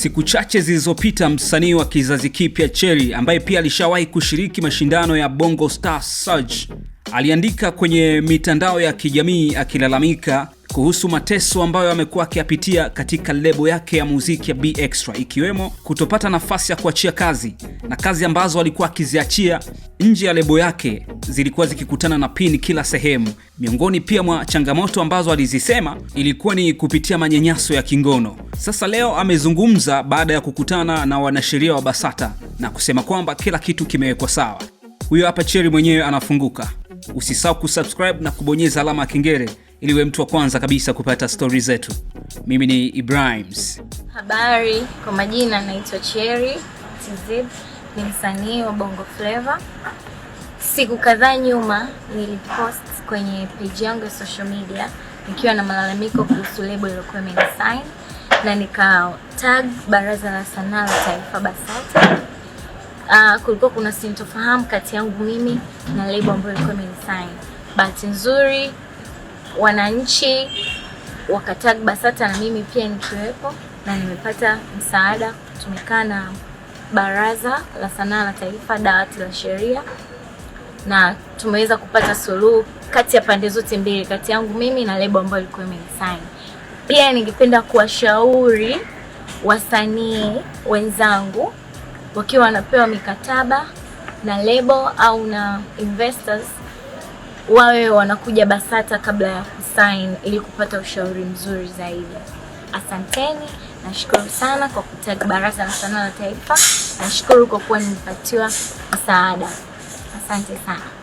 Siku chache zilizopita msanii wa kizazi kipya Cherry ambaye pia alishawahi kushiriki mashindano ya Bongo Star Search aliandika kwenye mitandao ya kijamii akilalamika kuhusu mateso ambayo amekuwa akiyapitia katika lebo yake ya muziki ya B Extra, ikiwemo kutopata nafasi ya kuachia kazi na kazi ambazo alikuwa akiziachia nje ya lebo yake zilikuwa zikikutana na pini kila sehemu. Miongoni pia mwa changamoto ambazo alizisema ilikuwa ni kupitia manyanyaso ya kingono. Sasa leo amezungumza baada ya kukutana na wanasheria wa BASATA na kusema kwamba kila kitu kimewekwa sawa. Huyo hapa Cheri mwenyewe anafunguka. Usisahau kusubscribe na kubonyeza alama ya kengele ili uwe mtu wa kwanza kabisa kupata stori zetu. Mimi ni Ibrahims. Habari, kwa majina naitwa cheri TZ, ni msanii wa Bongo Flava. Siku kadhaa nyuma nilipost kwenye peji yangu ya social media nikiwa na malalamiko kuhusu lebo iliyokuwa imenisign na nika Baraza la Sanaa la Taifa BASATA. Uh, kulikuwa kuna sintofahamu kati yangu mimi na lebo ambayo ilikuwa imenisign. Bahati nzuri wananchi wakatag Basata na mimi pia nikiwepo, na nimepata msaada kutumikana na Baraza la Sanaa la Taifa, dawati la sheria, na tumeweza kupata suluhu kati ya pande zote mbili, kati yangu mimi na lebo ambayo ilikuwa imenisaini. Pia ningependa kuwashauri wasanii wenzangu wakiwa wanapewa mikataba na lebo au na investors wawe wanakuja BASATA kabla ya kusign ili kupata ushauri mzuri zaidi. Asanteni, nashukuru sana kwa kutag Baraza la Sanaa la Taifa. Nashukuru kwa kuwa nimepatiwa msaada. Asante sana.